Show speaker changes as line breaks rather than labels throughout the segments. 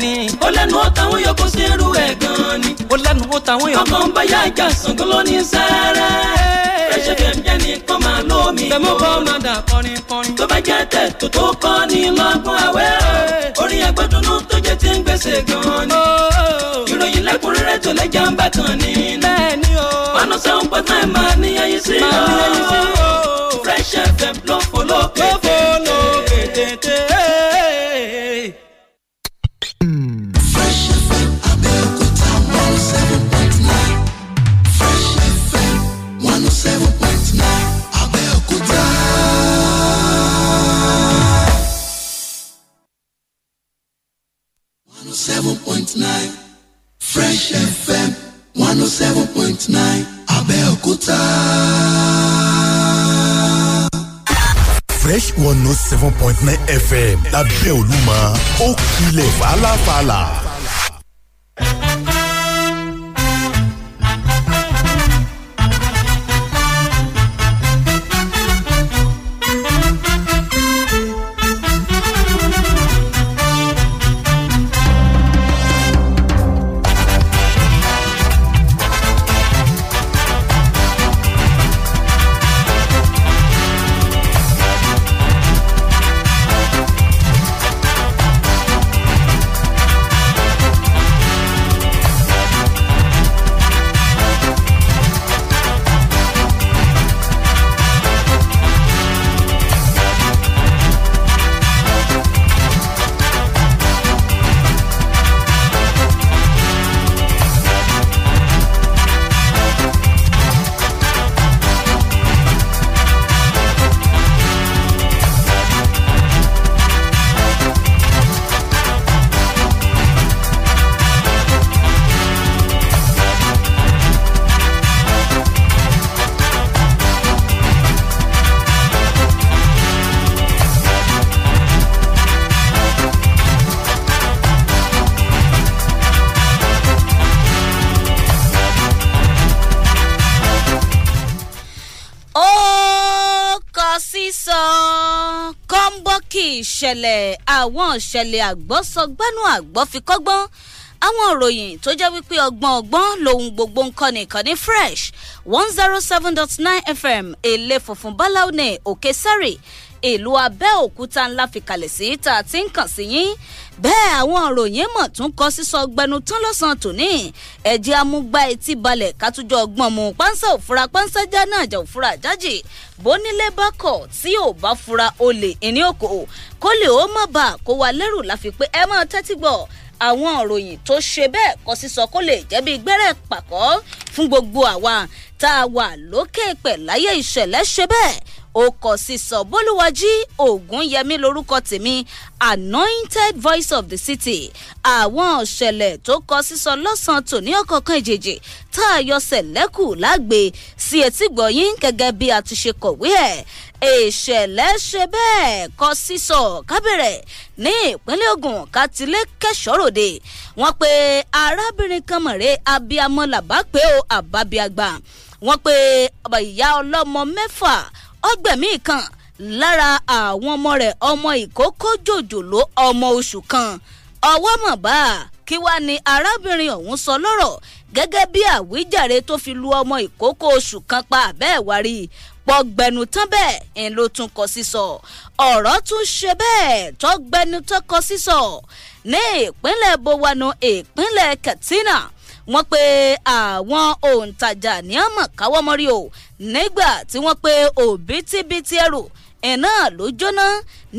bẹ́ẹ̀ ni. ó lẹ́nu ó tàwọn yòókù sí irú ẹ̀ gan-an ni. ó lẹ́nu ó tàwọn yòókù. ọkàn báyà ìjà Ṣàngó ló ní sẹ́rẹ́.
Fresh FM jẹ́ ní kọ́ máa ló mi. tẹ̀mú kọ́ máa dà kọrin kọrin. tó bá jẹ́ tẹ̀ tó tó kọ́ ni lọ́gbọ́n àwẹ̀. orin agbẹ́dúnú tó jẹ́ ti ń gbèsè gan-an ni. Oh. ìròyìn lẹ́kùnrẹ́rẹ́ tó lẹ́jà ń bà kan ni. bẹ́ẹ̀ ni o. one oh seven point nine máa ní ẹyin sí i. máa ní ẹyin sí i o. Fresh FM ló fò lókè tètè. seven fresh fm one oh seven
point nine abẹ́òkúta.
fresh one oh seven point fm lábẹ́ olúmọ ó kilẹ̀ fàlàfàlà.
ṣẹlẹ̀ àgbọ́sọgbánú àgbọ́fikọ́gbọ́n àwọn ìròyìn tó jẹ́ wípé ọgbọ́n ọgbọ́n lòun gbogbo nǹkan nìkan ní fresh one zero seven dot nine fm èlé funfun báláwo ní òkè sáré ìlú abẹ́òkúta ńlá fìkàlẹ̀ sí tá a ti ń kàn sí yín bẹ́ẹ̀ àwọn òròyìn mọ̀ tún kọ sísọ gbẹnu tán lọ́sàn-án tòní ẹ̀jẹ̀ amúgbá etí balẹ̀ kátújọ ọgbọ́n mu pánsá òfura pánsá jáná àjà òfura àjájì bónílé bá kọ̀ tí ò bá fura olè ìní òkò kólé ó má bà kó wa lẹ́rù láfi pé ẹ máa tẹ́tí gbọ́ àwọn òròyìn tó ṣe bẹ́ẹ̀ kọ sísọ kó lè jẹ́ bí gbẹ́rẹ́ pàkọ́ fún gbogbo àwa tá a wà lókè pẹ̀ láyé ìṣẹ̀lẹ̀ ṣe bẹ́ẹ̀ okọ̀ sísọ ogun ògúnyẹmí lorúkọ tèmi anointed voice of the city àwọn ọ̀ṣẹ̀lẹ̀ tó kọ sísọ lọ́sàn-án tòní ọ̀kọ̀ọ̀kan ìjèjì tá a yọ sẹ̀lẹ́kù lágbe sí etígbọ̀ yín gẹ́gẹ́ bí a ti ṣe kọ̀wé ẹ̀ ìṣẹ̀lẹ̀ ṣe bẹ́ẹ̀ kọ sísọ kábẹ̀rẹ̀ ní ìpínlẹ̀ ogun katilé kẹsọ̀ròde wọn pe arábìnrin kan mọ̀rẹ́ abiyamọ làbá o àbábíagbà wọn pe ìyá ọlọ́mọ mẹ́fà ó gbẹ̀mí kan lára àwọn ọmọ rẹ̀ ọmọ ìkókó jòjòló ọmọ oṣù kan ọwọ́ mọ̀ bá a kí wàá ní arábìnrin ọ̀hún sọ lọ́rọ̀ gẹ́gẹ́ bí àwíjàre tó fi lu ọmọ ìkókó oṣù kan pa àbẹ́ẹ̀ wá rí pọ̀gbẹ́nu tán bẹ́ẹ̀ ń ló tún kọ sísọ ọ̀rọ̀ tún ṣe bẹ́ẹ̀ tọ́gbẹ́nu tán kọ sísọ ní ìpínlẹ̀ bowano ìpínlẹ̀ katsina wọ́n pe àwọn òǹtajà ní àmọ̀ káwọ́ mọ́rí o nígbà tí wọ́n pe òbítíbitì ẹrù iná ló jóná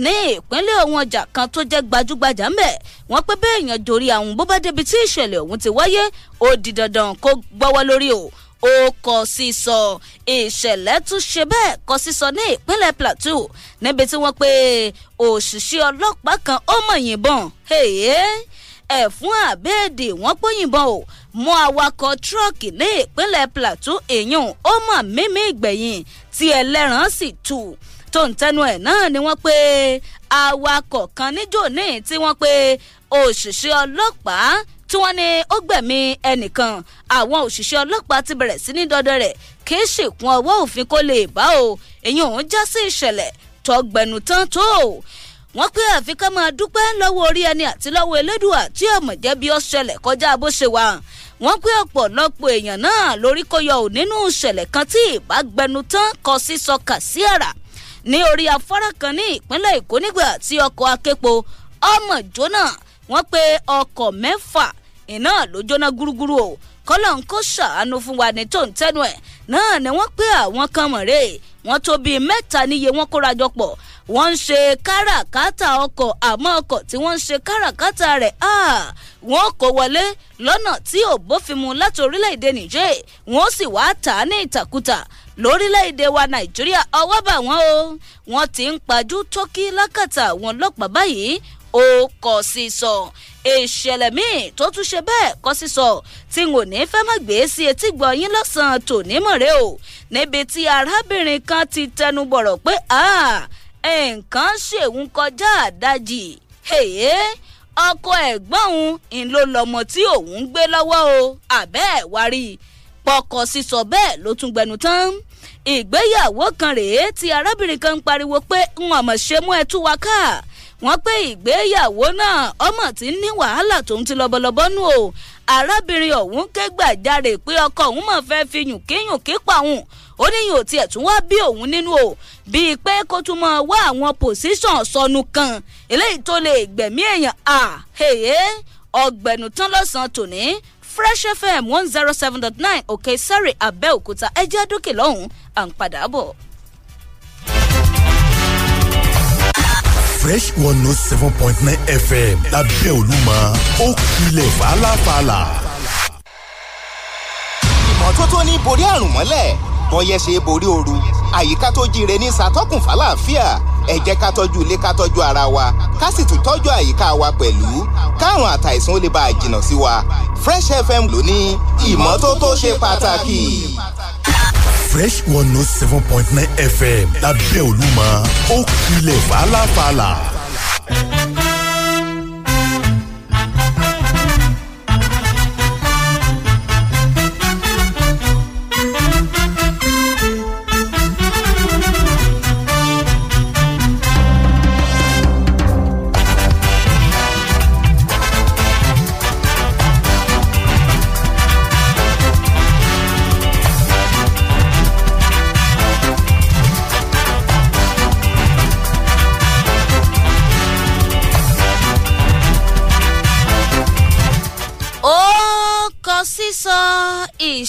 ní ìpínlẹ̀ ọ̀hún ọjà kan tó jẹ́ gbajúgbajà ńbẹ̀ wọ́n pé bẹ́ẹ̀ èèyàn dorí àwọn bó bá débi tí ìṣẹ̀lẹ̀ ọ̀hún ti wáyé ó di dandan kó gbọ́wọ́ lórí o ó kọ sísọ ìṣẹ̀lẹ̀ tún ṣe bẹ́ẹ̀ kọ sísọ ní ìpínlẹ̀ plateau níbi tí wọ́n pe òṣìṣẹ́ ọlọ́pàá kan ó mọ̀ yìnbọn. hey ẹ̀fún àbẹ́ẹ̀dì wọ́n gbóyìnbọn o mú awakọ̀ tírọ́ọ̀kì ní ìpínlẹ̀ plateau èèyàn ó mọ̀ mímí ìgbẹ̀yìn tí ẹlẹ́ran sì tù tó ń tẹnu ẹ̀ náà ni wọ́n pé awakọ̀ kan níjò ní tí wọ́n pé òṣìṣẹ́ ọlọ́pàá tí wọ́n ní ó gbẹ̀mí ẹnìkan àwọn òṣìṣẹ́ ọlọ́pàá ti bẹ̀rẹ̀ sí ní dọ́dọ̀ rẹ̀ kì í ṣèkún ọwọ́ òfin kó lè bá o èyí òun já sí ìṣẹ̀lẹ̀ tọgbẹ̀nù tán tó o wọ́n pé àfikún máa dúpẹ́ lọ́wọ́ orí ẹni àti lọ́wọ́ elédùà tí ọ̀mọ̀ jẹ́ bí ó ṣẹlẹ̀ kọjá bó ṣe wà wọ́n pé ọ̀pọ̀lọpọ̀ èèyàn náà lórí kó yọ ò nínú ìṣẹ̀lẹ̀ kan tí ìbágbẹnu tán kọ sí sọkà sí àrà ní orí afárá kan ní ìpínlẹ̀ èkó nígbà tí ọkọ̀ aképo ọmọ jóná wọ́n pé ọkọ̀ mẹ́fà iná ló jóná gúrúgúrú o kọ́lọ́n kó ṣàánú fún wa ní tó ẹ̀ náà ni wọ́n pé àwọn kan mọ̀rẹ́ wọ́n tó bíi mẹ́ta níye wọ́n kórajọ wọ́n ń ṣe káràkátà ọkọ̀ àmọ́ ọkọ̀ tí wọ́n ń ṣe káràkátà rẹ̀ wọ́n kó wọlé lọ́nà tí ò bófin mu láti orílẹ̀-èdè Niger wọ́n sì wá tà á ní ìtàkùtà lórílẹ̀‐èdè wa nàìjíríà ọwọ́ bà wọ́n o wọ́n ti ń pajú tọ́kí lákàtà àwọn ọlọ́pàá báyìí ó kò sí sọ ìṣẹ̀lẹ̀ míì tó tún ṣe bẹ́ẹ̀ kò sí sọ tí n ò ní fẹ́ má gbé sí etí gbọ́ yín lọ́sàn-án tòní mọ̀rẹ́ o níbi tí arábìnrin kan ti tẹnu bọ̀rọ̀ pé nǹkan ṣèun kọjá àdájì èyí ọkọ ẹ̀gbọ́n òun ń ló lọmọ tí òun gbé lọ́wọ́ o àbẹ́ ẹ̀ wá rí i pọkọ sísọ bẹ́ẹ̀ ló tún gbẹnu tán ìgbéyàwó kan rèé tí arábìnrin kan ń pariwo pé n ọmọ ṣe mú ẹ tú wa ká wọ́n pé ìgbéyàwó náà ọmọ tí ń ní wàhálà tó ń ti lọbọlọbọ nù o arábìnrin ọ̀hún ké gbàjarè pé ọkọ òun mọ̀ fẹ́ fi yùnkíyùnkí pa òun ó ní yìí tiẹ̀ tún wá bí òun nínú o bíi pé kó tún mọ wá àwọn pòsíṣàn sọnù kan eléyìí tó lè gbẹ̀mí èèyàn à hèyé ọgbẹ̀nù tán lọ́sàn-án tòní fresh fm one zero seven dot nine òkè sáré abẹ́òkúta ẹjẹ́ àdókè lọ́hùn-ún à ń padà bọ̀.
fresh one note oh seven point nine fm lábẹ́ olúmọ ó kilẹ̀
fàlàfàlà. ìmọ́tótó ní borí àrùn mọ́lẹ̀ wọ́n ṣe borí ooru àyíká tó jíire ní sàtọ́kùn fàlàáfíà ẹ ká tọ́jú ilé ká tọ́jú ara wa ká sì tún tọ́jú àyíká wa pẹ̀lú káàrùn àtàìsàn ó lè bá a jìnnà sí wa Fresh FM ló ní ìmọ́tótó ṣe pàtàkì.
Fresh one note oh seven point nine FM lábẹ́ Olúmọ ó kilẹ̀ fàlàfàlà.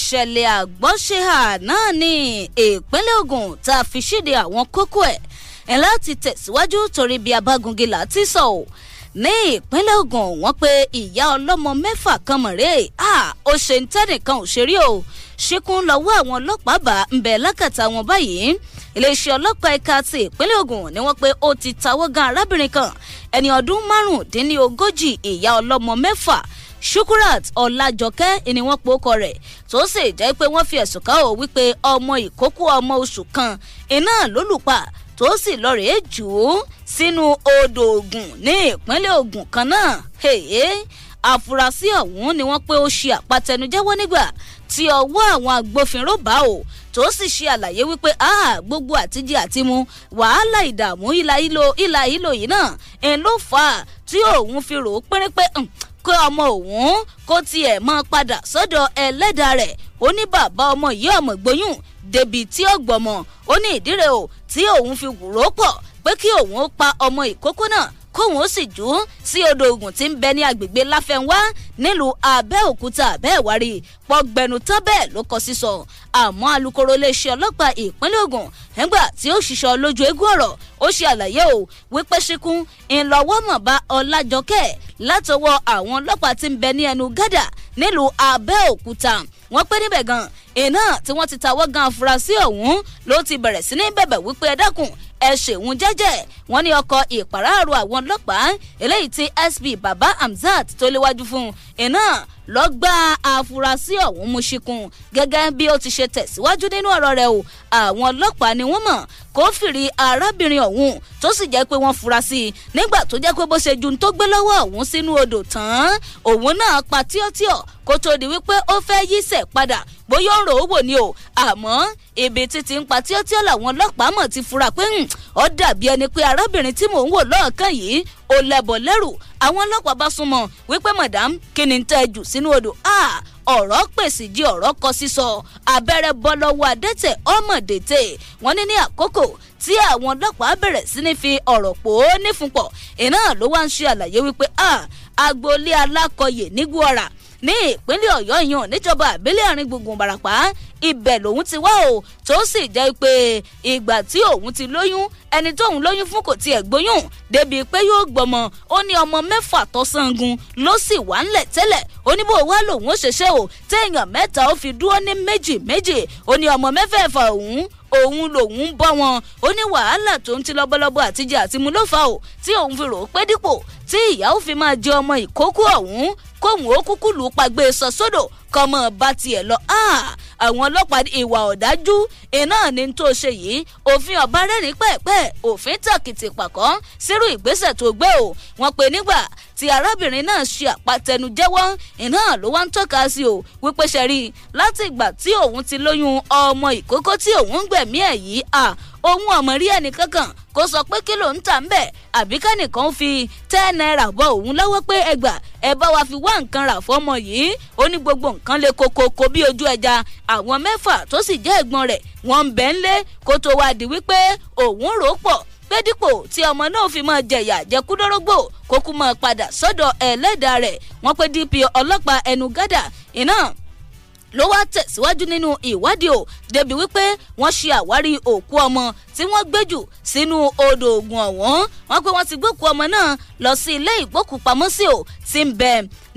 ìṣẹ̀lẹ̀ àgbọ́nṣehà náà ní ìpínlẹ̀ ogun tá a fi ṣíde àwọn kókó ẹ̀ ẹ̀ láti tẹ̀síwájú torí bí abágungi là ti sọ ọ́ ní ìpínlẹ̀ ogun wọ́n pé ìyá ọlọ́mọ mẹ́fà kan mọ̀rẹ́ ó ṣe ń tẹ́nìkan ò ṣe rí o ṣíkún lọ́wọ́ àwọn ọlọ́pàá bá ń bẹ̀ lákàtà wọn báyìí iléeṣẹ́ ọlọ́pàá ẹ̀ka ti ìpínlẹ̀ ogun ni wọ́n pé ó ti tawọ́ gan arábìnrin kan ẹni ọdún márùndínlógójì ìyá ọlọ́mọ mẹ́fà Shukurat Ọlájọkẹ́ ni wọ́n pe orúkọ rẹ̀ tó sì jẹ́ pé wọ́n fi ẹ̀sùn kàn ó wípé ọmọ ìkókó ọmọ oṣù kan iná lólùpà tó sì lọ rèé jù ú sínú odò Ògùn ní ìpínlẹ̀ Ògùn kan náà àfúrásì ọ̀hún ni wọ́n pé ó ṣe àpatẹnujẹ́wọ́ nígbà tí ọwọ́ àwọn agbófinró bá ò tó sì ṣe àlàyé wípé gbogbo àtijẹ àtimu wàhálà ìdààmú ìlà ìlò ìlà ìlò yìí náà ń ló fà á tí òun fi rò ó pérépé hmm, kó ọmọ òun kó tiẹ̀ mọ́ padà sọ́dọ̀ ẹlẹ́dàá rẹ̀ ó ní bàbá ọmọ yìí ọmọ gbóyún débi tí ó gbọmọ ó ní ìdírè o tí òun fi wúrò pọ̀ pé kí òun ó pa ọmọ ìkókó náà kóhun ó sì jù ú sí odò ògùn tí ń bẹ ní agbègbè láfẹnwá nílùú abẹ́òkúta àbẹ́ẹ̀wárí pọ̀gbẹ̀nù tán bẹ́ẹ̀ ló kọ sísọ àmọ́ alūkkóró iléeṣẹ́ ọlọ́pàá ìpínlẹ̀ ogun nígbà tí ó ṣiṣọ́ lójú eégún ọ̀rọ̀ ó ṣe àlàyé o wípé ṣíkún ńlọ́wọ́ mọ̀ọ́bá ọlájọkẹ́ látọwọ́ àwọn ọlọ́pàá tí ń bẹ ní ẹnu gádà nílùú abẹ́òkúta wọ́n pé níbẹ̀ gan iná tí wọ́n ti tawọ́ gan afurasí ọ̀hún ló ti bẹ̀rẹ̀ sí ní bẹ̀bẹ̀ wípé ẹ ẹ ṣèwọ̀n jẹ́jẹ́ wọ́n ní ọkọ̀ ìpàráàrò àwọn ọlọ́pàá eléyìí tí sb baba hamzat tó léwájú fún iná lọ gba àfúrásì ọ̀hún mú ṣìkún gẹ́gẹ́ bí ó ti ṣe tẹ̀síwájú nínú ọ̀rọ̀ rẹ̀ o àwọn ọlọ́pàá ni wọ́n mọ̀ kófìrí arábìnrin ọ̀hún tó sì jẹ́ pé wọ́n fura sí i nígbà tó jẹ́ pé bó ṣe ju tó gbé lọ́wọ́ ọ̀hún sínú odò tán òun náà pa tíọ́tíọ́ kó tó di wípé ó fẹ́ yíṣẹ́ padà bóyá ó rò ó wò ni o àmọ́ ibi títí ń pa tíọ́tíọ́ làwọn ọlọ́pàá mọ̀ ti fura pé ń hmm, ó dàbí ẹni pé arábìnrin tí mò ń wò lọ́ọ̀kan yìí ò lẹ́bọ̀ lẹ́rù àwọn ọlọ́pàá bá súnmọ́ wípé madam kí ni tẹ́ jù sínú odò ọ̀rọ̀ pèsè jí ọ̀rọ̀ kọ sísọ abẹ́rẹ́ bọ́ lọ́wọ́ adẹ́tẹ̀ ọmọdété wọ́n ní ní àkókò tí àwọn ọlọ́pàá bẹ̀rẹ̀ sí ní fi ọ̀rọ̀ pò ó nífunpọ̀ iná ló wá ń ṣe àlàyé wípé agboolé alákọyè nígbó ọ̀rà ní ìpínlẹ̀ ọ̀yọ́ ìyàn níjọba àbílẹ̀ àárín gbùngbùn barapa ibẹ̀ lòun ti wá o tó sì jẹ́ pé ìgbà tí òun ti lóyún ẹni tóun lóyún fún kò tiẹ̀ gbóyún débìí pé yóò gbọmọ ó ní ọmọ mẹ́fà tó sangun ló sì wà ńlẹ̀ tẹ́lẹ̀ ó ní bó wá lòun ó ṣeṣe o téèyàn mẹ́ta ó fi dúró ní méjì méjì ó ní ọmọ mẹ́fẹ̀ẹ̀fà òun òun lòun ń bọ́ wọn ó ní wàhálà tó ń ti lọ́bọ́lọ́bọ́ àtijọ́ àtimú ló fà ó tí òun fi rò ó pé dípò tí ìyá ó fi máa jẹ ọmọ ìkókó ọ̀hún kóhun ó kúkú lù ú pagbé sọ sódò kọ́mọ bá tiẹ̀ lọ àwọn ọlọ́pàá ìwà ọ̀dájú iná ní tó ṣe yìí òfin ọ̀bá rẹ́rìn pẹ́ẹ́pẹ́ òfin tàkìtì pàkọ́ sírú ìgbésẹ̀ tó gbé o wọ́n pe nígbà tí arábìnrin náà ṣe àpàtẹnujẹ́wọ́ iná ló wá ń tọ́ka sí o wípé ṣẹ́rí láti ìgbà tí òun ti lóyún ọmọ ìkókó tí òun ń gbẹ̀mí ẹ̀ yìí à òun ọmọ rí ẹnìkankan kó sọ pé kí ló ń tà ń bẹ̀ àbí kẹ́nìkan fi ten naira bọ òun lọ́wọ́ pé ẹgbà ẹ bá wa fi wá nǹkan rà fọ́mọ yìí ó ní gbogbo nǹkan lè kokoko bí ojú ẹja àwọn mẹ́fà tó sì jẹ́ ẹ̀gbọ́n rẹ̀ wọ́n ń bẹ́ ń lé kó tó wá di wípé òun rò pọ̀ pé dípò tí ọmọ náà fi máa jẹ̀yà jẹkúdọ́rọ́gbò kó kú máa padà sọ́dọ̀ ẹlẹ́dàá rẹ̀ wọ́n pé dp ọlọ́pàá ẹnu gádà iná ló wá tẹ̀síwájú nínú ìwádìí o débi wípé wọ́n ṣe àwárí òkú ọmọ tí wọ́n gbé jù sínú odò ògùn ọ̀wọ́n wọ́n pé wọ́n ti gbókù ọmọ náà lọ sí ilé ìgbókùpamọ́sí o ti ń bẹ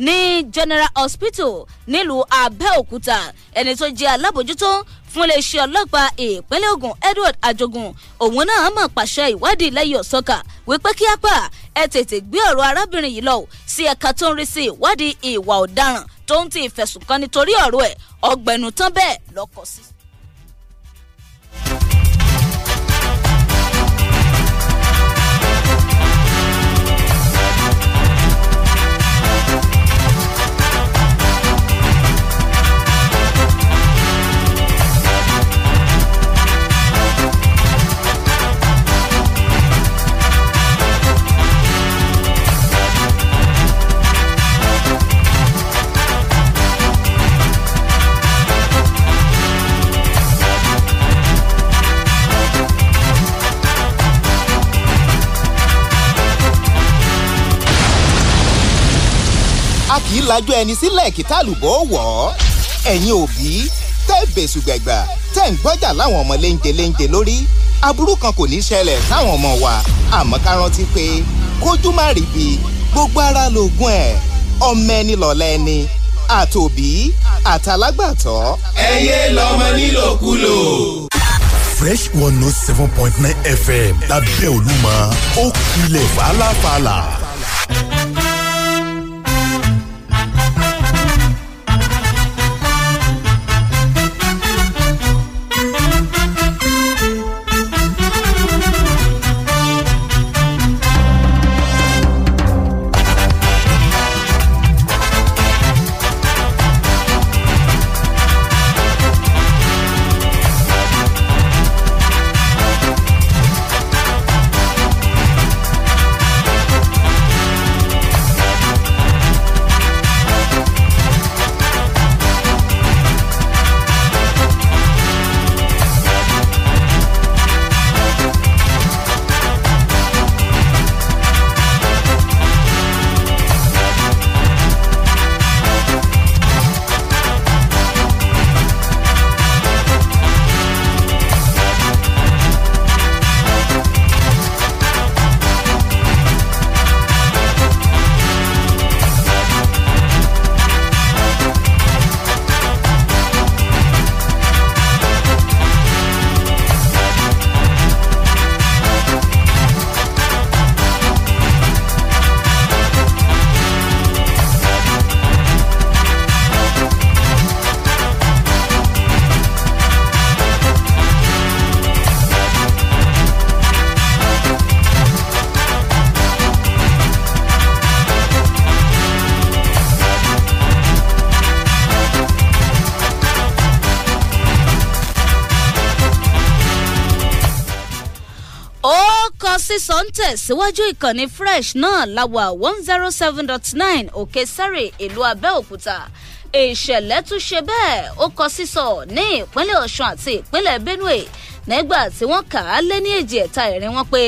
ní general hospital nílùú abẹ́òkúta ẹni tó jẹ́ alábòjútó fún iléeṣẹ́ ọlọ́pàá ìpínlẹ̀ ogun Edward Ajogun òun náà mọ̀ pàṣẹ ìwádìí lẹ́yìn ọ̀sọ́kà wípé kí apá ẹ tètè gbé ọ̀rọ̀ arábìnrin yìí lọ sí ẹ̀ka tó ń rí sí ìwádìí ìwà ọ̀daràn tó ń ti ìfẹ̀sùnkàn nítorí ọ̀rọ̀ ẹ̀ ọ̀gbẹ̀nù tán bẹ́ẹ̀ lọ́kọ̀ sí.
kì í lajú ẹni sílẹ̀ kí tálùbọ̀ wọ̀ ọ́ ẹ̀yin òbí tẹ́ bẹ̀sùgbẹ̀gbà tẹ́ ń gbọ́jà láwọn ọmọ léńjẹ léńjẹ lórí aburú kan kò ní ṣẹlẹ̀ sáwọn ọmọ wa àmọ́ ká rántí pé kójú má ríbi gbogbo ara lògùn ẹ̀ ọmọ ẹni lọ̀la ẹni àtòbí àtàlágbàtọ́. ẹ lọmọ nílòkulò.
fresh one note oh seven point nine fm lábẹ́ olúmọ
ó kilẹ̀
fàlàfàlà.
sísọ ń tẹ̀síwájú ìkànnì fresh náà láwa one zero oh seven dot nine òkè sáré ìlú abẹ́òkúta ìṣẹ̀lẹ̀ tún ṣe bẹ́ẹ̀ ó kọ sísọ ní ìpínlẹ̀ ọ̀ṣun àti ìpínlẹ̀ benue nígbà tí wọ́n kà á lé ní èjì ẹ̀ta ìrìn wọn pé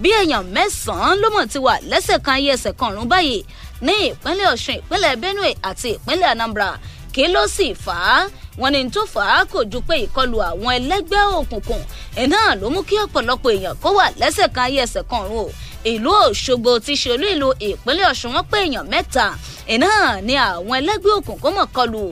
bí èèyàn mẹ́sàn-án ló mọ̀ ti wà lẹ́sẹ̀ kan ayé ẹsẹ̀ kan ọ̀run báyìí ní ìpínlẹ̀ ọ̀ṣun ìpínlẹ̀ benue àti ìpínlẹ̀ anambra kí ló sì fà á wọn ni tó fà á kò ju pé ìkọlù àwọn ẹlẹ́gbẹ́ òkùnkùn ẹ̀ náà ló mú kí ọ̀pọ̀lọpọ̀ èèyàn kó wà lẹ́sẹ̀ kan ayé ẹsẹ̀ kan ọ̀run o ìlú òṣogbo ti ṣe olú ìlú ìpínlẹ̀ ọ̀ṣun wọn pé èèyàn mẹ́ta iná ni àwọn ẹlẹ́gbẹ́ òkùnkùn mọ̀ kọlù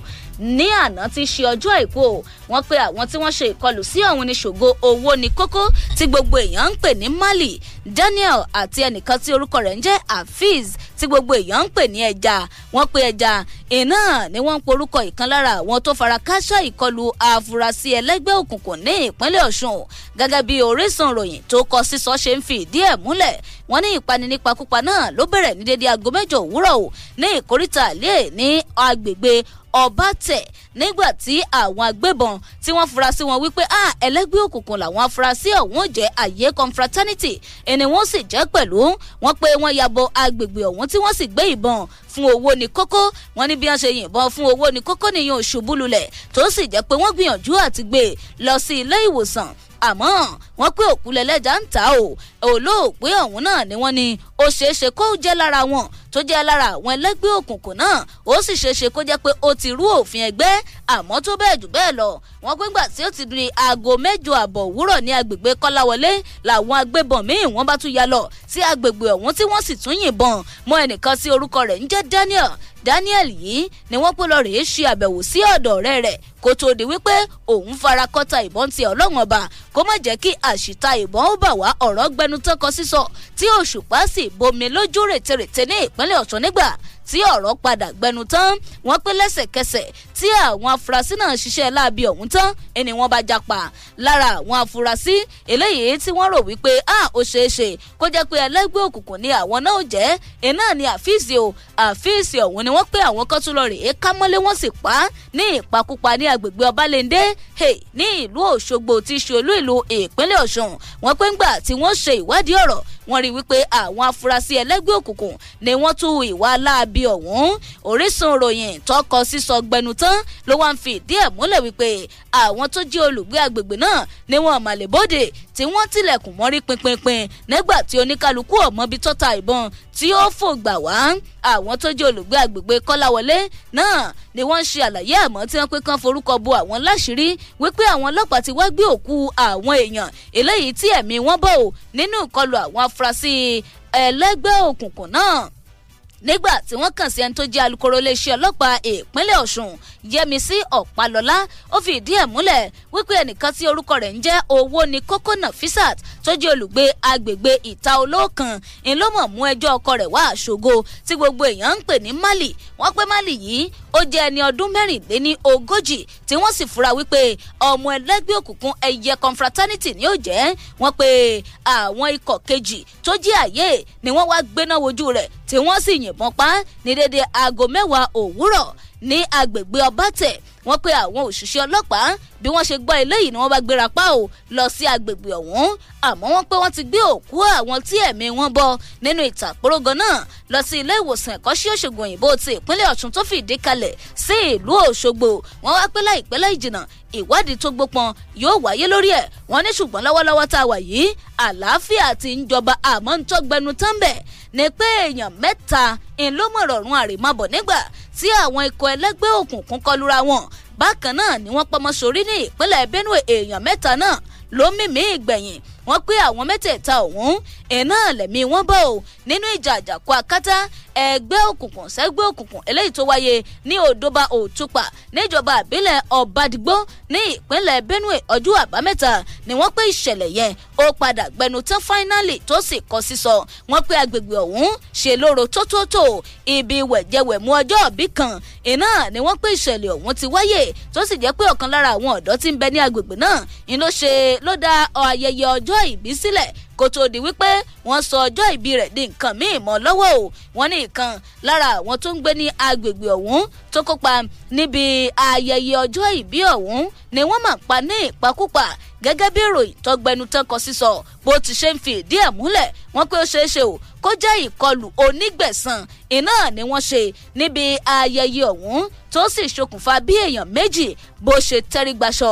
ní àná ti ṣe ọjọ́ àìkú o wọ́n pe àwọn tí wọ́n ṣe ìkọlù sí ọ̀hún ní ṣògo owó ní kókó tí gbogbo èèyàn ń pè ní mali daniel àti ẹnìkan tí orúkọ rẹ̀ ń jẹ́ afeez tí gbogbo èèyàn ń pè ní ẹja wọ́n pe ẹja iná ni wọ́n ń porúkọ ìkan lára àwọn tó fara káṣá ìkọlù àfúrásì ẹlẹ́gbẹ́ òkùnkùn ní ìpínlẹ̀ ọ̀ṣun gẹ́gẹ́ bí orísun ìròyìn tó kọ sísọ ṣe ń fi ìdí ẹ̀ múlẹ̀ wọ́n ní ìpani nípakúpa náà ló bẹ̀rẹ̀ ní dédé aago mẹ́jọ òwúrọ̀ o ní ìkóríta àlẹ́ ní agbègbè ọba tẹ̀ nígbà tí àwọn agbébọn tí wọ́n fura sí wọn wípé a ah, ẹlẹ́gbẹ́ òkùnkùn làwọn afurasí ọ̀hún jẹ́ àyè confraternity ẹni wọ́n sì jẹ́ pẹ̀lú wọn pé wọ́n yabo agbègbè ọ̀hún tí wọ́n sì gbé ìbọn fún owó ní kókó wọn ní bí wọ́n ṣe yìnbọn fún owó ní kókó nìyẹn òṣùbù lulẹ̀ tó sì jẹ́ pé wọ́n gbìyànjú àti gbé e lọ sí ilé ìwòsàn àmọ́ wọ́n pé òkú lẹ́lẹ́jà ń ta ò olóògbé ọ̀hún náà ni wọ́n ní ó ṣeéṣe kó jẹ́ lára wọn tó jẹ́ lára àwọn ẹlẹ́gbẹ́ òkùnkùn náà ó sì ṣeéṣe kó jẹ́ pé ó ti rú òfin ẹgbẹ́ àmọ́ tó bẹ́ẹ̀ jù bẹ́ẹ̀ lọ wọ́n pé ńgbà tí ó ti di aago mẹ́jọ àbọ̀ òwúrọ̀ ní agbègbè kọ́láwọlé làwọn agbébọn míì wọ́n bá tún ya lọ sí agbègbè ọ̀hún tí wọ́n sì tún yìnbọn mọ́ ẹnìkan sí orúkọ rẹ̀ ń jẹ́ Daniel Daniel yìí ni wọ́n pé lọ rèé ṣe àbẹ̀wò sí ọ̀dọ̀ ọ̀rẹ́ rẹ̀ kó tóó di wípé òun fara kọ́ta ìbọn ti ọlọ́run ọba kó má jẹ́ kí àṣìta ìbọn ó bà wá ọ̀rọ̀ gbẹnu sísọ tí òṣùpá sì ìbomi lójú rètérètè ní ìpínlẹ̀ ọ̀ṣun nígbà tí ọ̀rọ̀ padà gbẹnu tán wọ́n pé lẹ́sẹ̀kẹsẹ̀ tí àwọn afurasí náà ṣiṣẹ́ láabi ọ̀hún tán ẹni wọ́n bá japa lára àwọn afurasí eléyìí tí wọ́n rò wípé a ó ṣeé ṣe kó jẹ́ pé ẹlẹ́gbẹ́ òkùnkùn ni àwọn náà jẹ́ iná ni àfíìsì o àfíìsì ọ̀hún ni wọ́n pé àwọn kan tún lọ rèé kámọ́lé wọ́n sì pa á ní ìpakúpa ní agbègbè ọbalẹ́ndé ní ìlú òṣogbo tí í ṣe olú ìlú ìpínlẹ̀ ọ̀ṣun wọ́n pé ńgbà tí wọ́n ṣe ìwádìí ọ̀rọ̀ wọ́n rí wípé àwọn afurasí ẹlẹ́gbẹ́ òkùnkùn ni wọ́n tú ìwà láabi ọ̀hún orísun ròyìn tọkọ sísọ gbẹnu tán ló wá ń fi ìdí ẹ̀ múlẹ̀ wípé àwọn tó jẹ́ olùgbé agbègbè náà ni wọn màlẹ́bọ́dẹ̀ tí wọ́n tilẹ̀kùn mọ́rí pinpinpin nígbà tí oníkálukú ọ̀mọ́bí tọ́ta ìbọn tí ó fò gbà wá àwọn tó jẹ́ olùgbé agbègbè kọ́láwọlé náà ni wọ́n ń ṣe àlàyé àmọ́ tí wọ́n pé kán forúkọ bo àwọn láṣìírí wípé àwọn ọlọ́pàá ti wá gbé òkú àwọn èèyàn eléyìí tí ẹ̀mí wọn bọ̀ nínú ìkọlù àwọn afurasí ẹlẹ́gbẹ́ òkùnkùn náà nígbà tí wọ́n kàn sí ẹni tó jẹ́ alukoro iléeṣẹ́ ọlọ́pàá ìpínlẹ̀ ọ̀ṣun yẹmísí ọ̀pálọ́lá ó fi ìdí ẹ̀ múlẹ̀ wípé ẹnìkan tí orúkọ rẹ̀ ń jẹ́ owó ni kókó nafisat tó jẹ́ olùgbé agbègbè ìta olóòkan ń ló mọ̀ mú ẹjọ́ ọkọ rẹ̀ wá ṣògo tí gbogbo èèyàn ń pè ní mali wọ́n pé mali yìí ó jẹ́ ẹni ọdún mẹ́rìndínlẹ́ni ogójì tí wọ́n sì fura wípé ọmọ ẹlẹ́gbẹ́ òkùnkùn ẹ̀yẹ confraternity ni ó jẹ́ wọ́n pé àwọn ikọ̀ kejì tó jí àyè ni wọ́n wá gbéná wojú rẹ̀ tí wọ́n sì yìnbọn pa ní dédé aago mẹ́wàá òwúrọ̀ ní agbègbè ọbátẹ̀ wọ́n pé àwọn òṣìṣẹ́ ọlọ́pàá bí wọ́n ṣe gbọ́ eléyìí ni wọ́n bá gbéra pa ò lọ sí agbègbè ọ̀hún àmọ́ wọ́n pé wọ́n ti gbé òkú àwọn tí ẹ̀mí wọn bọ nínú ìtàkùrọ̀gàn náà lọ sí ilé ìwòsàn ẹ̀kọ́ṣẹ́ òṣègùn òyìnbó ti ìpínlẹ̀ Ọ̀ṣun tó fìdí kalẹ̀ sí ìlú Òṣogbo wọ́n wá pé láìpẹ́ láì jìnnà ìwádìí tó gbópọn yóò wáyé lórí ẹ̀ wọ́n ní ṣùgbọ́n lọ́wọ́lọ́wọ́ tá a wà yìí àlàáfíà ti ń jọba àmọ́ ń tọ́gbẹnu tán bẹ̀ ni pé èèyàn mẹ́ta ń ló mọ̀rọ̀ nígbà tí àwọn ikọ̀ ẹlẹ́gbẹ́ òkùnkùn kọlura wọn bákan náà ni wọ́n pọmọ sórí ní ìpínlẹ̀ Benue èèyàn mẹ́ta náà ló mímí ìgbẹ̀yìn wọ́n pé àwọn mẹ́tẹ̀ẹ̀ta ọ̀hún ẹ̀ náà lẹ̀mí wọn bọ̀ ọ́ nínú ìjà àjàkú akátá ẹgbẹ́ òkùnkùn sẹ́gbẹ́ òkùnkùn eléyìí tó wáyé ní òdòbá òtúpa níjọba àbílẹ̀ ọ̀bàdìgbò ní ìpínlẹ̀ benue ọjọ́ àbámẹ́ta ni wọ́n pé ìṣẹ̀lẹ̀ yẹn ó padà gbẹnu tán fáínálì tó sì kọ sísọ wọ́n pé agbègbè ọ̀hún ṣe lóró tótótó ibi wẹ̀jẹwẹ̀mú ọjọ́ ọ̀bí kan iná ni wọ́n pé ìṣẹ̀lẹ̀ ọ̀hún ti wáyé tó sì jẹ́ pé ọ̀kan lára àwọn ọ̀dọ́ tí ń bẹ ní agbègbè náà ń ló ṣe ló dá ayẹyẹ ọjọ́ ìbí sílẹ̀ kó tó di wípé wọ́n sọ ọjọ́ ìbí rẹ̀ di nǹkan míì mọ́ lọ́wọ́ o wọ́n ní ìkan lára àwọn tó ń gbé ní agbègbè ọ̀hún tó kópa níbi ayẹyẹ ọjọ́ ìbí ọ̀hún ni wọ́n mà pa ní ìpakúpa gẹ́gẹ́ bí ìròyìn tọgbẹ́nu tán sísọ bó ti ṣe ń fi ìdí ẹ̀ múlẹ̀ wọ́n pé ó ṣeé ṣe o kó jẹ́ ìkọlù onígbẹ̀sán iná ni wọ́n ṣe níbi ayẹyẹ ọ̀hún tó sì ṣokùnfà bí èèyàn méjì bó ṣe tẹ́rí gbaṣọ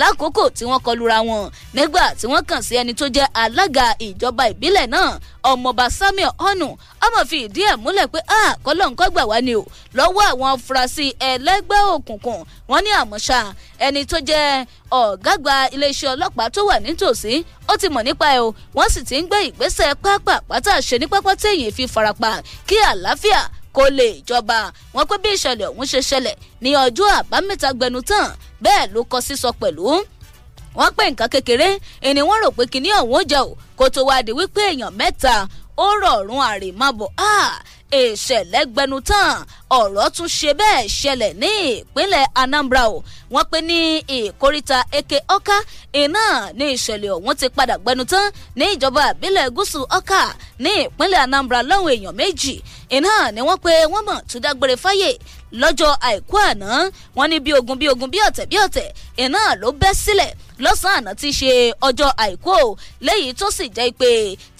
lákòókò tí wọ́n kọlura wọn nígbà tí wọ́n kàn sí ẹni tó jẹ́ alága ìjọba ìbílẹ̀ náà ọmọọba samuel ọ̀nù ọmọ fi ìdí ẹ̀ múlẹ̀ pé ah, kọ́lọ́ǹkọ́ gbà wá ni o lọ́wọ́ àwọn afurasí ẹlẹ́gbẹ́ òkùnkùn wọn ní àmọ́ṣá ẹni tó jẹ́ ọ̀gágba iléeṣẹ́ ọlọ́pàá tó wà nítòsí ó ti mọ̀ nípa ẹ̀ o wọ́n àlàáfíà kó lè jọba wọn pé bí ìṣẹ̀lẹ̀ ọ̀hún ṣe ṣẹlẹ̀ ní ọjọ́ àbámẹ́ta gbẹnu tán bẹ́ẹ̀ ló kọ sísọ pẹ̀lú wọ́n pé nǹkan kékeré ẹni wọ́n rò pé kinní ọ̀hún ó ò kó tó wá di wípé èèyàn mẹ́ta ó rọ̀rùn àrèmábọ̀ ìṣẹ̀lẹ̀ gbẹnu tán ọ̀rọ̀ tún ṣe bẹ́ẹ̀ ṣẹlẹ̀ ní ìpínlẹ̀ Anambra o wọ́n pé ní ìkóríta Eke Ọ̀ka iná ní ìṣẹ̀lẹ̀ ọ̀hún ti padà gbẹnu tán ní ìjọba ìbílẹ̀ gúúsù Ọ̀ka ní ìpínlẹ̀ Anambra lọ́hùn èèyàn méjì iná ni wọ́n pé wọ́n mọ̀ tún dágbére fáyè lọ́jọ́ àìkú àná wọ́n ní bí ogun bí ogun bí ọ̀tẹ̀ bí ọ̀tẹ̀ iná ló bẹ́ sílẹ̀ lọ́sàn-án àná ti ṣe ọjọ́ àìkú ò léyìí tó sì jẹ́ pé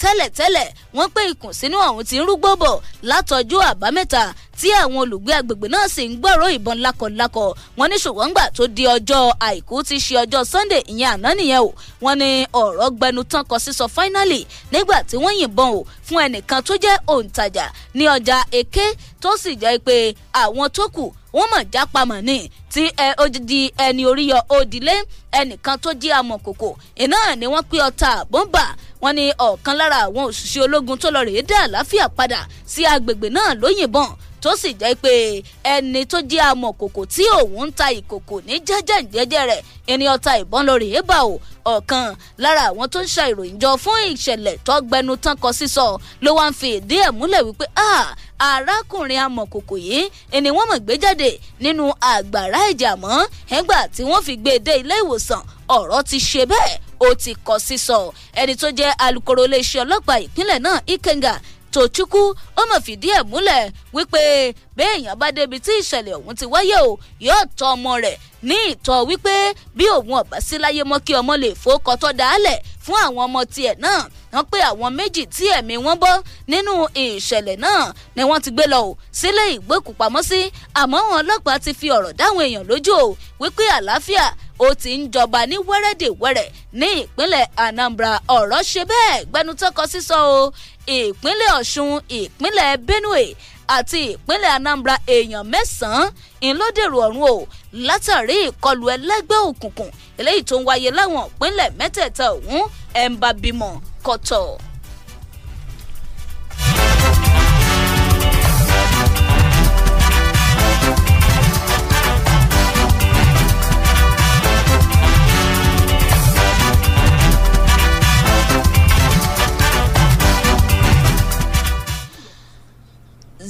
tẹ́lẹ̀tẹ́lẹ̀ wọ́n pé ìkùnsínú ọ̀hún ti ń rúgbó bọ̀ látọjú àbámẹ́ta tí àwọn olùgbé agbègbè náà sì ń gbọ́rọ̀ ìbọn lakọ̀lakọ̀ wọn ní ṣùgbọ́n gbà tó di ọjọ́ àìkú ti ṣe ọjọ́ sunday ìyẹn àná nìyẹn o wọn ní ọ̀rọ̀ gbẹnu tán kọ sísọ finally nígbà tí wọ́n yìnbọn o fún ẹnìkan tó jẹ́ òǹtajà ní ọjà èké tó sì jẹ́ pé àwọn tó kù wọ́n mọ̀ jápamọ̀ ní ti ẹ ó di ẹni oríyọ òdìlé ẹnìkan tó jí amọ̀kòkò iná ni wọ́n pé ọta àbọ̀ǹbà wọ́n ní ọ̀kan lára àwọn òṣìṣẹ́ ológun tó lọ rèé dá àlàáfíà padà sí agbègbè náà ló tó sì jẹ́ pé ẹni tó jẹ́ amọ̀kòkò tí òun ń ta ìkòkò ní jẹ́jẹ́ jẹ́jẹ́ rẹ̀ ènìyàn ta ìbọn lórí ébà o ọ̀kan lára àwọn tó ń ṣe ìròyìn jọ fún ìṣẹ̀lẹ̀ tó gbẹnu tán kọ sísọ ló wá ń fi ìdí ẹ̀ múlẹ̀ wípé arákùnrin amọ̀kòkò yìí ẹni wọ́n mọ̀ gbé jáde nínú àgbàrá ẹ̀jẹ̀ àmọ́ ẹgbà tí wọ́n fi gbé e dé ilé ìwòsàn ọ̀rọ̀ ti ṣe bẹ́ẹ̀ ó ti kọ sísọ ẹni tó jẹ́ alukoro iléeṣẹ́ ọlọ́pàá ìpínlẹ̀ náà Ikenga tòchukwu ó mọ̀ fìdí ẹ̀ múlẹ̀ wípé béèyàn bá débi tí ìṣẹ̀lẹ̀ ọ̀hún ti wáyé o yóò tọ́ ọmọ rẹ̀ ní ìtọ́ wípé bí òun ọ̀bá sí láyé mọ́ kí ọmọ lè fowókọ́ tọ́ dáálẹ̀ fún àwọn ọmọ tiẹ̀ náà wọ́n pé àwọn méjì tí ẹ̀mí wọn bọ́ nínú ìṣẹ̀lẹ̀ náà ni wọ́n ti gbé lọ sílé ìgbókùpamọ́sí àmọ́ wọn ọlọ́pàá ti fi ọ̀rọ̀ dáhùn èèyàn lójú o wípé àlàáfíà ó ti ń jọba ní wẹ́rẹ́dẹ̀wẹ́rẹ́ ní ìpínlẹ̀ Anambra ọ̀rọ̀ ṣe bẹ́ẹ̀ gbẹnutọ́kọ sísọ o ìpínlẹ̀ Ọ̀ṣun ìpínlẹ̀ Benue àti ìpínlẹ̀ Anambra èèyàn mẹ́sàn-án ìlódèrò ọ̀run o látàrí ìkọlù ẹlẹ́gbẹ́ òkùnkùn eléyìí tó ń wáyé láwọn ìpínlẹ̀ mẹ́tẹ̀ẹ̀ta ọ̀hún ẹ̀ ń bá bímọ kọ̀tọ̀.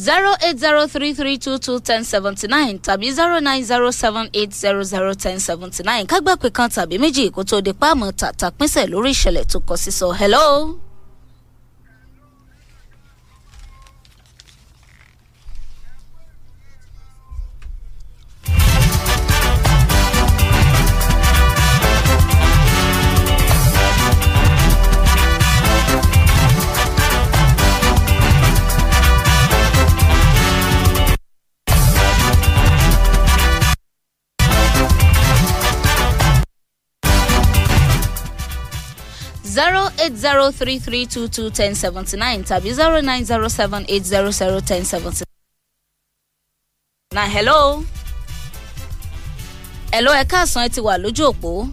zero eight zero three three two two ten seventy nine tàbí zero nine zero seven eight zero zero ten seventy nine kágbàpè kan tàbí méjì kó tó di páàmù tàtàpínsẹ̀ lórí ìṣẹ̀lẹ̀ tó kọ sísọ hello. zero eight zero three three two two ten seventy nine tàbí zero nine zero seven eight zero zero ten seventy nine. na hello hello ẹ káàsán ẹ ti wà lójú òpó.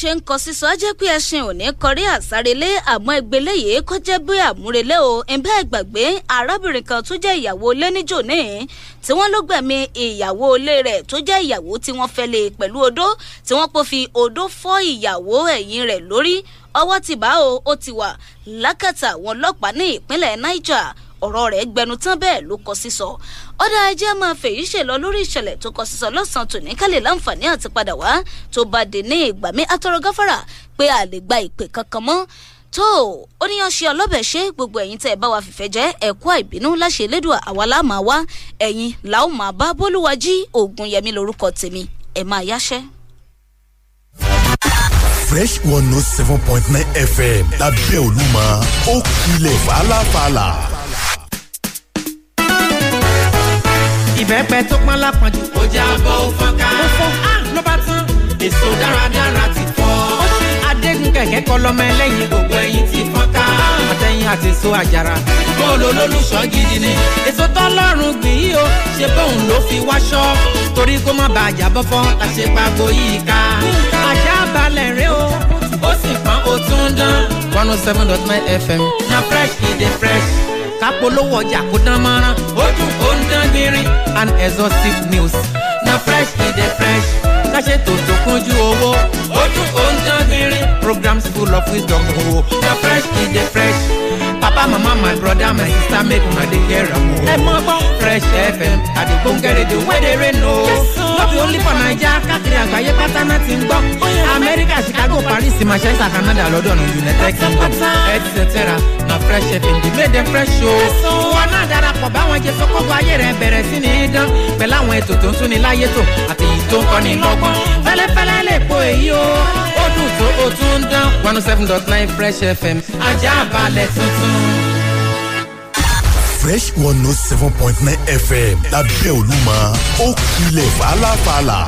ṣe ń kọ sísọ jẹ́ pé ẹṣin ò ní kọrí àsárelé àmọ́ ìgbélé yìí kó jẹ́ bí àmúrelé o ẹ̀bẹ́ ìgbàgbé arábìnrin kan tó jẹ́ ìyàwó ilé níjò ní tí wọ́n ló gbẹ̀mí ìyàwó ilé rẹ̀ tó jẹ́ ìyàwó tí wọ́n fẹ́ lé pẹ̀lú odó tí wọ́n pò fi odó fọ́ ìyàwó ẹ̀yìn rẹ̀ lórí ọwọ́ ti bá o ó ti wà lákàtà àwọn ọlọ́pàá ní ìpínlẹ̀ Niger ọ̀rọ̀ rẹ̀ gbẹnu tán bẹ́ẹ̀ ló kọ sísọ ọ̀dà ajé máa fèyí ṣe lọ lórí ìṣẹ̀lẹ̀ tó kọ sísọ lọ́sàn-án tòní kálẹ̀ láǹfààní àti padà wá tó bá dé ní ìgbà mi atọrọ gáfárà pé a lè gba ìpè kankan mọ́ tó ó ní ọṣẹ ọlọ́bẹ̀ ṣe gbogbo ẹ̀yin tẹ́ ẹ bá wa fìfẹ́ jẹ́ ẹ̀kú àìbínú láṣẹ elédùà àwa láà máa wá ẹ̀yin làá máa bá bólúwájí ògùnyẹmí lórúkọ tèmi ẹ̀ máa yáṣẹ́.
Fresh one note oh seven point nine FM lábẹ́ Olúmọ ó kilẹ̀ fàlàfàlà.
ìbẹ́pẹ tó pọ́n lápọ̀jù. ó já bọ́ ó fọ́n ká. ó fọ́n á ló bá tán. èso dáradára ti fọ́. ó ṣe adégún kẹ̀kẹ́ kọ lọ́mọ ẹlẹ́yin. gbogbo ẹyin ti fọ́n ká. àtẹ̀yìn àti èso àjàrà. bóòlù olólùṣọ́ gidi ni. èso tọ́lọ́run gbìn yìí o ṣe bóun ló fi wáṣọ. torí kó má bàa jábọ́ fọ́n la ṣe yìí ká. àjà balẹ̀ rẹ o. ó sì pọ́n ó dán. one oh seven dot nine fm na fresh e dey fresh kápolówó ọjà kó dán mọ́rán ó dùn ń dán gbinrin and exhaustive news na fresh e dey fresh káṣe tòótọ́ kúnjú owó ó dùn ń dán gbinrin programs full of wisdom oh. na fresh e dey fresh papa mama my brother my sister make una dey care am o. ẹ mọ gbọ́ fresh fm àdìgbòǹgẹ̀ rédíò wey dey rain o. no be only for naija káàkiri àgbáyé pátá náà ti ń gbọ́. america chicago paris manchester canada london united kingdom etc na fresh fm di make dem fresh o. wọn náà darapọ̀ báwọn jẹ sọ kókó ayé rẹ̀ bẹ̀rẹ̀ sí ní dán pẹ̀lú àwọn ètò tó ń tún ni láyé tò àti tó ń kọ́ lọ́gbọ́n fẹ́lẹ́fẹ́lẹ́ lè po èyí o gbádùn tó o tún ń dán one oh seven dot nine fresh fm ajá balẹ̀ tuntun.
fresh one oh seven point nine fm lábẹ́ olúmọ ó kilẹ̀ fàlàfàlà.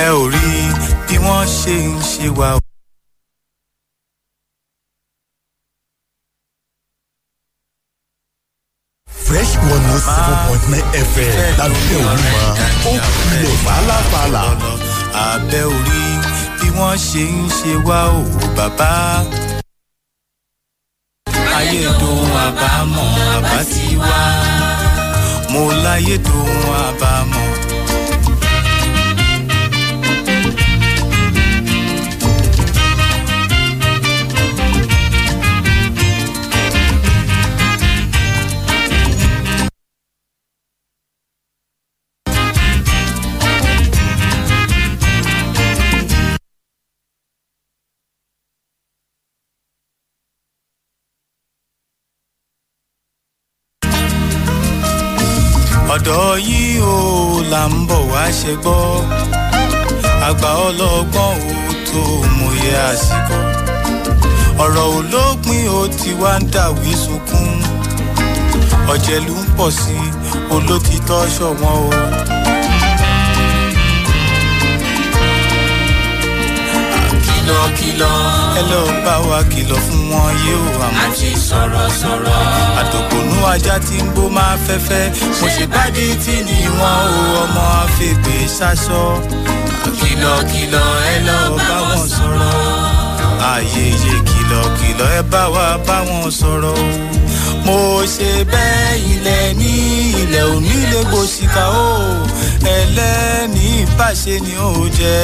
ẹ ò rí bí wọ́n ṣe ń ṣe wà.
fresh one oh seven point nine fm lábẹ́ olúmọ ó
kulẹ̀ fàlàfàlà. abẹ́ orí bí wọ́n ṣe ń ṣe wá o bàbá. ayédòun àbámọ̀ àbá ti wá mo láyédòun àbámọ̀. ọ̀dọ́ yìí o là ń bọ̀ wá ṣe gbọ́ àgbà ọlọ́gbọ́n ò tó mòye àsìkò ọ̀rọ̀ olópin ó ti wá ń dàwí sunkún ọ̀jẹ̀lú ń pọ̀ sí olókìtọ́ ṣọ̀wọ́n o. kìlọ̀ kìlọ̀. ẹ lọ bá wa kìlọ̀ fún wọn yóò àmọ́. a ti sọ̀rọ̀ sọ̀rọ̀. àtòkùnú ajá tí ń bó máa fẹ́fẹ́. mo ṣe bádìí tí ni wọn ò ọmọ afẹ́gbẹ́ sásọ. kìlọ̀ kìlọ̀ ẹ lọ bá wọn sọ̀rọ̀. ayẹyẹ kìlọ̀ kìlọ̀ ẹ bá wa bá wọn sọ̀rọ̀ o. mo
ṣe bẹ́ẹ̀ ilẹ̀ ní ilẹ̀ òní o ẹlẹ́ni ìbáṣe ni ó jẹ́.